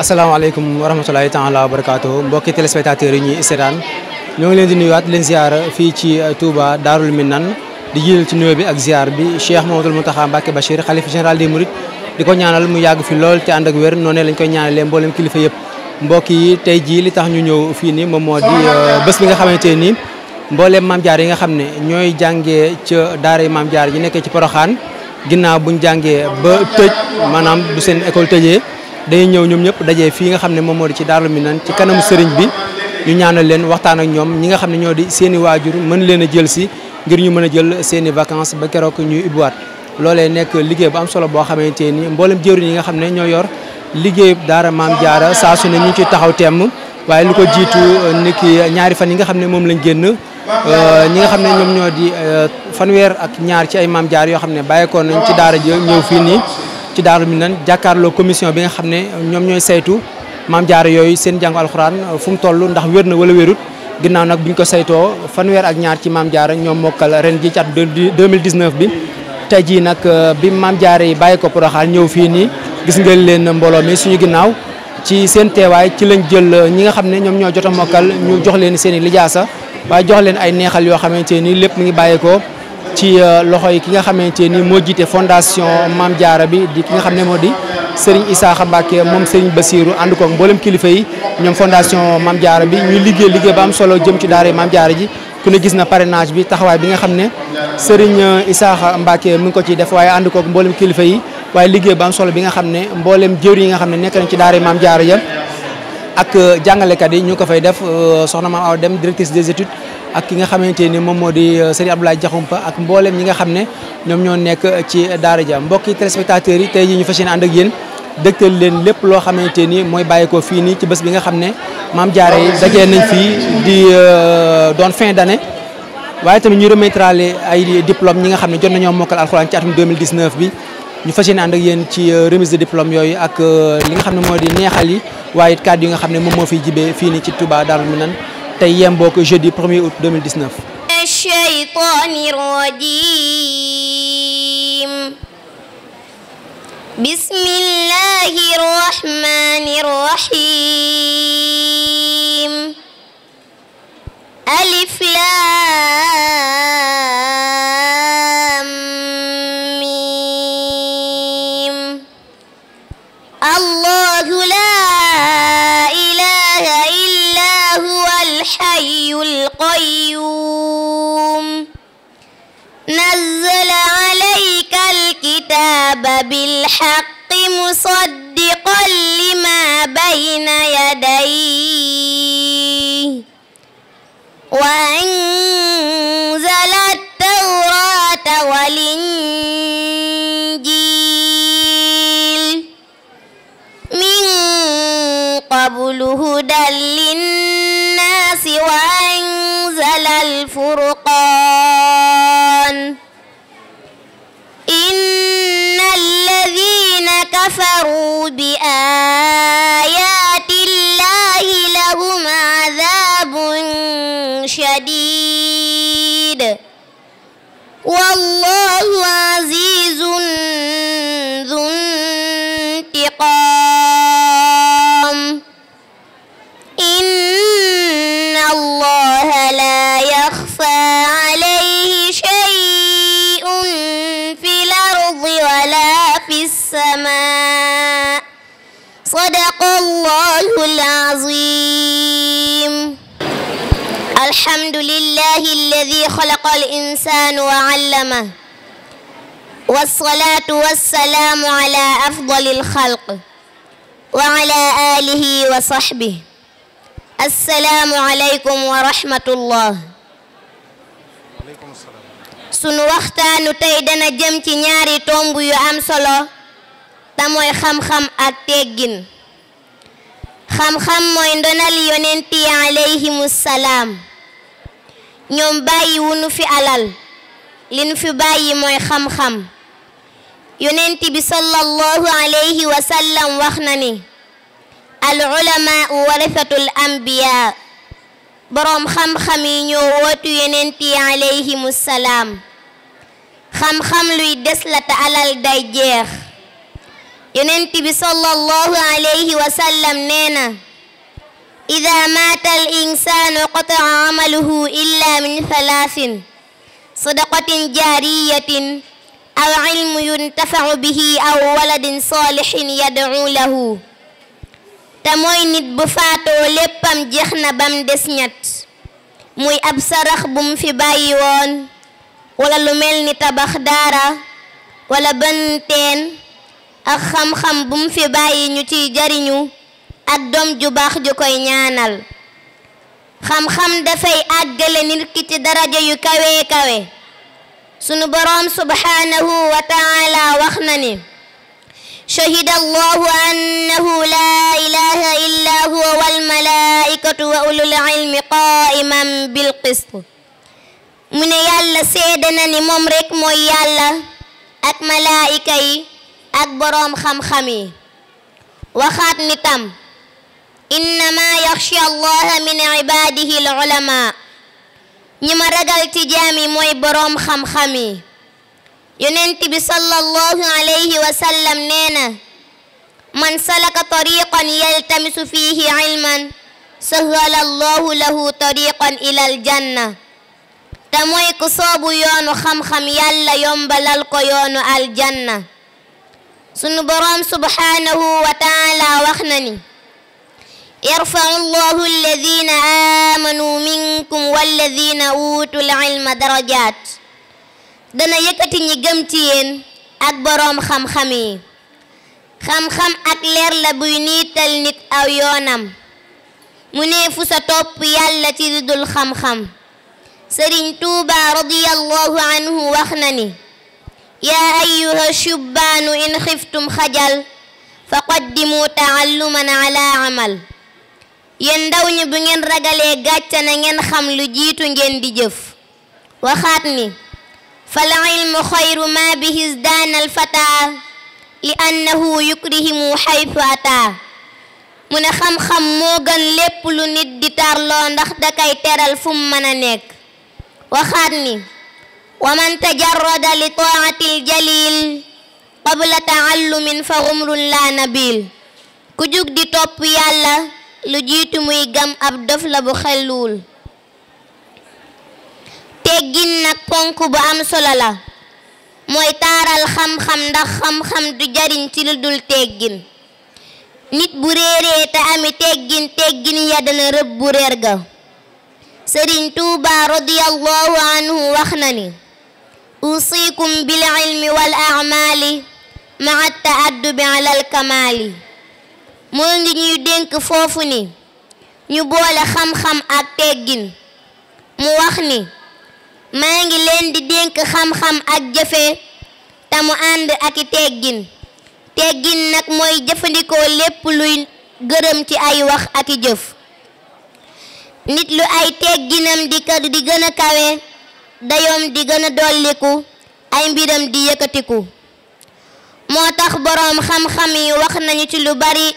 asalaamaaleykum wa rahmatulahi taala wa barakaatu mbokki téléspectateurs yi ñuy seetaan ñoo ngi leen di nuyuwaat leen ziar fii ci euh, Touba Daarul Minan di jiital ci nuyoo bi ak ziar bi Cheikh Mamadou Mountakha Mbacké Bachir xalif général des Mourides di ko ñaanal mu yàgg fi lool te ànd ak wér noonu lañ koy ñaanalee mboolem kilifa yëpp mbokk yi tey jii li tax ñu ñëw fii nii moom moo di euh, bés bi nga xamante nii mbooleem maam jaar yi nga xam ne ñooy jàngee ca daara maam jaar yi nekkee ci Poroxaan ginnaaw buñ jàngee ba tëj maanaam bu seen école tëjee dañuy ñëw ñoom ñëpp daje fii nga xam ne moom moo di ci Daaru Minaan ci kanamu sëriñ bi ñu ñaanal leen waxtaan ak ñoom ñi nga xam ne ñoo di seen waajur mën leen a jël si ngir ñu mën a jël seen i ba keroog ñuy ubbiwaat loolee nekk liggéey bu am solo boo xamante ni mboolem jëwriñ yi nga xam ne ñoo yor liggéey daara maam jaara saa su ne ñu ci taxaw temm waaye lu ko jiitu euh, ni ki euh, ñaari fan yi nga xam ne moom lañ génn euh, ñi nga xam ne ñoom ñoo di fanweer ak ñaar ci ay maam jaar yoo xam ne bàyyeekoon nañ ci daara ji ñëw fii nii ci Daaru Minane jàkkaarloo commission bi nga xam ne ñoom ñooy saytu maam jaara yooyu seen jàngu alxuraan uh, fu mu toll ndax wér na wala wérut ginnaaw nag bu ñu ko saytoo fanweer ak ñaar ci maam jaara ñoom mokkal ren ji ci at 2019 bi tey jii nag uh, bi maam jaara yi bàyyi ko Porokhane ñëw fii nii gis ngeen leen mbooloo mi suñu ginnaaw ci seen teewaay ci lañ jël uh, ñi nga xam ne ñoom ñoo jot a mokkal ñu jox leen seen i lijaasa waaye jox leen ay neexal yoo xamante ni lépp mu ngi bàyyeekoo ci euh, loxo yi ki nga xamante ni moo jiite fondation Maam Jaara bi di ki nga xam ne moo di Serigne Issakha Mbacke moom Serigne Bassirou ànd koog mboolem kilifa yi ñoom fondation Maam Jaara bi ñu liggéey liggéey ba am solo jëm ci daara Maam Jaara ji ku ne gis na parrainage bi taxawaay bi nga xam ne Serigne euh, Issakha Mbacke mu ngi ko ciy def waaye ànd koog mbooleem kilifa yi waaye liggéey ba am solo bi nga xam ne mboolem jëwri yi nga xam ne nekk nañ ci daara Maam Jaara ja ak euh, jàngalekat yi ñu ko fay def soxna Maam Awa Dem directrice des études ak ki nga xamante ni moom moo di euh, sëriñ Abdoulaye Diakhoumpa ak mbooleem ñi nga xam ne ñoom ñoo nekk ci daara ja mbokki téléspectateurs yi tey jii ñu fas yéene ànd ak yéen dëgtal leen lépp loo xamante ni mooy bàyyeekoo fii nii ci bés bi nga xam ne maam jaare yi dajee nañ fii di euh, doon fin d'année waaye tamit ñu remettrale ay diplôme ñi nga xam ne jot nañoo mokkal alxuraan ci atum 2019 bi ñu fas yéene ak yéen ci euh, remise de diplôme yooyu ak li nga xam ne moo di neexal yi waaye it yi nga xam ne moom moo fiy jibee fii nii ci Touba Darou Minane tey yem boo ko jeudi 1er août 2019. الشيطان الرجيم بسم الله الرحمن الرحيم ألف لام الكتاب بالحق مصدقا لما بين يديه وأنزل التوراة والإنجيل من قبل هدى للناس وأنزل الفرقان كفروا بآياتنا الذي خلق الإنسان وعلمه والصلاة والسلام على أفضل الخلق وعلى آله وصحبه السلام عليكم ورحمة الله sunu waxtaanu tey dana jëm ci ñaari tomb yu am solo te mooy xam-xam ak teggin xam-xam mooy ndonal yonent yi alayhimu salaam ñoom bàyyi wunu fi alal li nu fi bàyyi mooy xam-xam yonent bi sallallahu alayhi wa sallam wax na ni al ulamaau warisatul ambiya boroom xam-xam yi ñoo wootu yonent yi alayhimu salaam xam alal day jeex yonent bi sallallahu alayhi wa sallam إذا مات الإنسان قطع عمله إلا من ثلاث صدقة جارية أو علم ينتفع به أو ولد صالح يدعو له te mooy nit bu faatoo léppam jeex na bam des ñett muy ab sarax bu mu fi bàyyi woon wala lu mel ni tabax daara wala benn teen ak xam-xam bu mu fi bàyyi ñu ciy jariñu ak doom ju baax ju koy ñaanal xam-xam dafay àggale nit daraja yu kawee kawe sunu boroom subhaanahu wa taala wax na ni shahida allahu la ilaha illa huwa wal malaikatu wa ulul ilmi qaiman bil qist mu ne yàlla seede na moom rekk mooy yàlla ak malaayika ak boroom xam-xam waxaat ni tam innama yaxsha allaha min ibadihi al ulama ñi ma ragal ci jaam yi mooy boroom xam-xam yi yonent bi sallallahu alayhi wa sallam nee na man salaka tariqan yaltamisu fihi ilman sahala allahu lahu tariqan ila al janna te mooy ku soobu yoonu xam-xam yàlla yombalal ko yoonu aljanna sunu boroom subhanahu wa taala wax na ni يرفع الله الذين آمنوا منكم والذين أوتوا العلم درجات dana yëkkati ñi gëm ci yéen ak boroom xam-xam yi xam-xam ak leer la buy niital nit aw yoonam mu ne fu sa topp yàlla ci lu dul xam-xam sëriñ tuuba radiyallahu anhu wax na ni yaa ayyuha shubbaanu in xiftum xajal fa qaddimu taalluman ala amal yéen ndaw ñi bu ngeen ragalee gàcce na ngeen xam lu jiitu ngeen di jëf waxaat ni fal ilmu xayru ma bihi isdaana alfata li annahu yukrihimu xaytu ata mu ne xam-xam moo gën lépp lu nit di tarloo ndax dakay teral fu mën a nekk waxaat ni wa man tajarrada li taati aljalil qabla taallumin fa gumrun la nabil ku jug di topp yàlla lu jiitu muy gam ab dof la bu xelluwul teggin nag ponk bu am solo la mooy taaral xam-xam ndax xam-xam du jariñ ci lu dul teggin nit bu réeree te ami teggin teggin ya dana rëbb bu réer ga sëriñ tuuba radiyallahu anhu wax na ni usikum bil ilmi wal amali maa taaddub ala al kamaali moo ngi ñuy dénk foofu ni ñu boole xam-xam ak teggin mu wax ni maa ngi leen di dénk xam-xam ak jëfe te mu ànd ak i teggin teggin nag mooy jëfandikoo lépp luy gërëm ci ay wax ak i jëf nit lu ay tegginam di ka di gën a kawe dayoom di gën dolliku ay mbiram di yëkkatiku moo tax boroom xam-xam yi wax nañu ci lu bari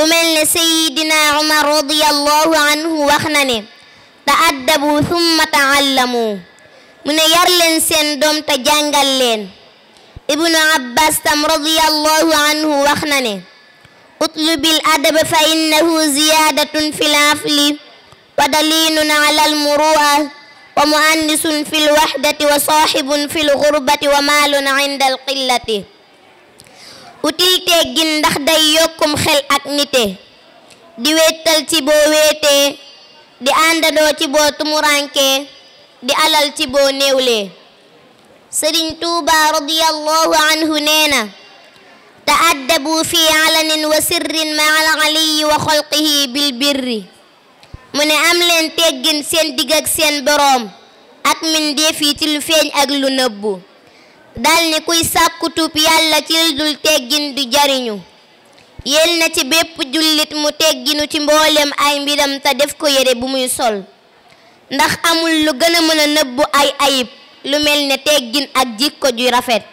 ku mel ne sayidina umar radiyallahu anhu wax na ne ta'addabu thumma ta'allamu mu ne yar leen seen doom te jàngal leen ibnu abbas tam radiyallahu anhu wax na ne utlubil adaba fa innahu ziyadatun fil afli wa dalilun ala almuru'a wa muannisun fil wahdati wa sahibun fil ghurbati wa malun inda alqillati utilité gi ndax day yokkum xel ak nite di wéetal ci boo wéetee di àndandoo ci boo tumurankee di alal ci boo néewlee sëriñ tuuba radiyallahu anhu nee na taaddabu fi alanin wa sirrin ma al aliyi wa xolqihi bil birri mu ne am leen teggin seen digg ak seen boroom ak min deef yi ci lu feeñ ak lu nëbbu dal ni kuy sàkku tuub yàlla ci dul teggin du jariñu yéel na ci bépp jullit mu tegginu ci mboolem ay mbiram te def ko yére bu muy sol ndax amul lu gën a mën a nëbbu ay ayib lu mel ne teggin ak jikko ju rafet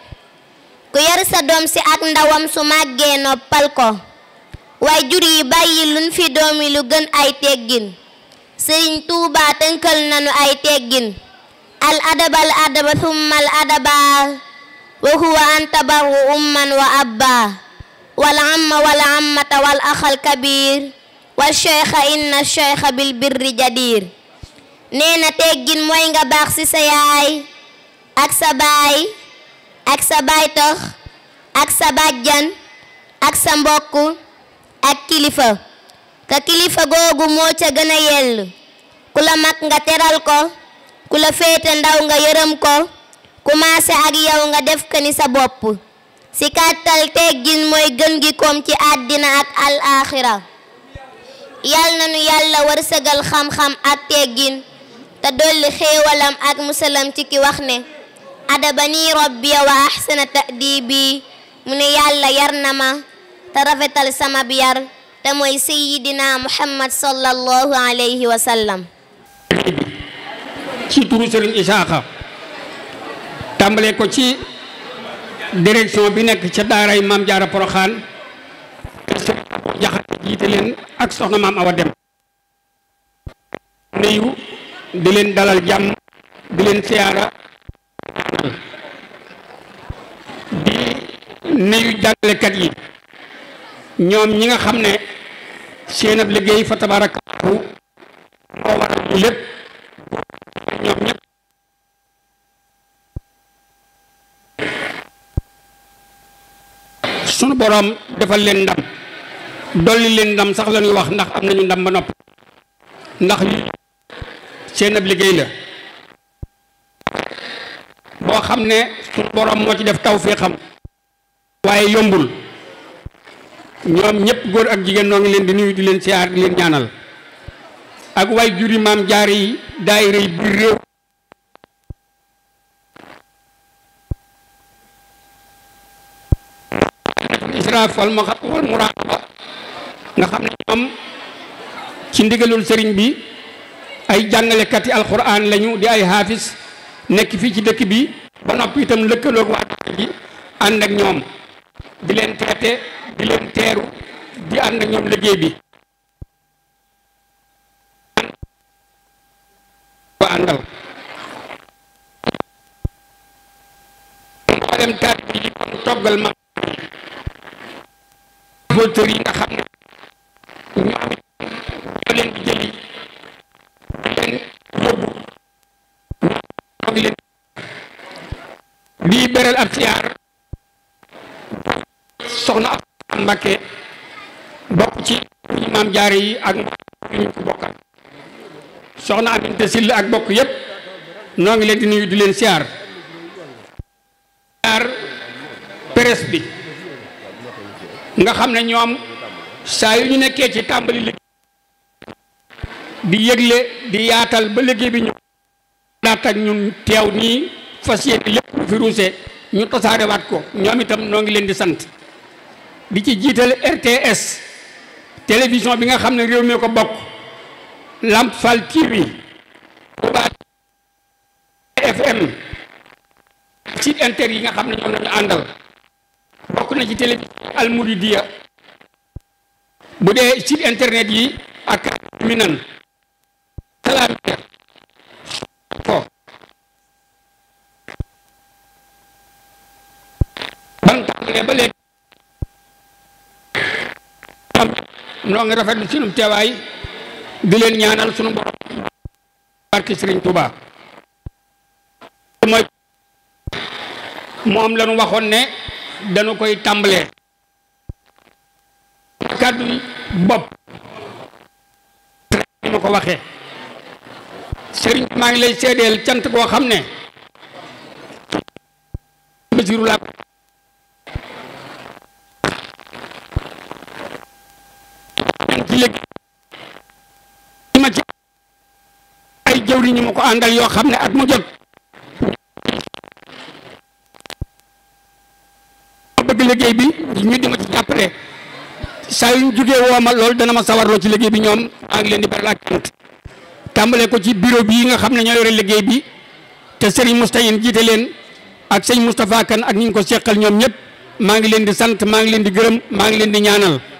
ku yar sa doom si ak ndawam su màggee noppal ko waaye jur yi bàyyi luñ fi doom yi lu gën ay teggin sëriñ tuubaa tënkal nanu ay teggin al adabal adaba thumma adaba wa huwa an tabarru umman wa abba wal amma wal ammata wal axal kabir wal cheikha inna cheikha bil birri jadir nee teggin mooy nga baax ci sa yaay ak sa baay ak sa baytox ak sa bàjjan ak sa mbokk ak kilifa ka kilifa googu moo ca gën a yell ku la mag nga teral ko ku la féete ndaw nga yërëm ko commencé ak yow nga def ko ni sa bopp si kàttal teggin mooy gën gi koom ci àddina ak alaaxira yal na nu yàlla wërsëgal xam-xam ak teggin te dolli xéewalam ak musalam ci ki wax ne adabani rabbiya wa ahsana ta'dibi mu ne yàlla yar na ma te rafetal sama yar te mooy sayyidina muhammad sallallahu alayhi wa tàmbalee ko ci direction bi nekk ca daaray maam jaara poroxaan jaxate jiite leen ak soxna maam awa dem nuyu di leen dalal jàmm di leen siyaara di nuyu jàngalekat yi ñoom ñi nga xam ne seen ab liggéey fa tabaarakallahu moo waral lépp boroom defal leen ndam dolli leen ndam sax la wax ndax am nañu ndam ba nopp ndax seen ab liggéey la boo xam ne suñu boroom moo ci def taw fii xam waaye yombul ñoom ñépp góor ak jigéen noo ngi leen di nuyu di leen siyaar di leen ñaanal ak waay juri maam jaari yi daayira yi biir réew nga xam ne ñoom ci ndigalul sëriñ bi ay jàngalekat yi alquran lañu di ay haafis nekk fii ci dëkk bi ba noppi itam lëkkaloog waa bi ànd ak ñoom di leen traité teeru di ànd ñoom liggéey bi récolteurs yi nga xam ne ñoom ñoo di jëli ab siyaar soxna ab Mbàkke bokk ci maam jaare yi ak ñu ko bokkal soxna Aminta ak bokk yépp noo ngi leen di nuyu di leen siyaar siyaar presse bi nga xam na ñoom saa yu ñu nekkee ci tàmbali liggéey di yëgle di yaatal ba liggéey bi ñu daat ak ñun teew nii fas yéene lépp fi ruuse ñu tasaarewaat ko ñoom itam noo ngi leen di sant di ci jiital RTS télévision bi nga xam ne réew mi ko bokk Lamp Fall TV Touba FM site inter yi nga xam ne ñoom nañu àndal bokk na ci télévision almuridiya bu dee site internet yi ak minan salaamiya ko ban tàmbalee ba léegi noo ngi rafetlu sunu teewaay di leen ñaanal sunu borom barki Sëriñ Tuubaa mooy moom lañu waxoon ne dañu koy tàmbalee kàddu yi bopp ni ma ko waxee sëriñ maa ngi lay seedeel cant koo xam ne basiru laa ci léegi ma ñu ma ko àndal yoo xam ne at mu jot ma bëgg liggéey bi ñu di ma ci jàppale sa yu ñu woo ma loolu dana ma sawarloo ci liggéey bi ñoom maa ngi leen di baral ak cant tàmbale ko ci bureau bii nga xam ne ñoo yore liggéey bi te Serigne Moustahine jiite leen ak sëñ Moustapha Kane ak ñi ñu ko seqal ñoom ñëpp maa ngi leen di sant maa ngi leen di gërëm maa ngi leen di ñaanal.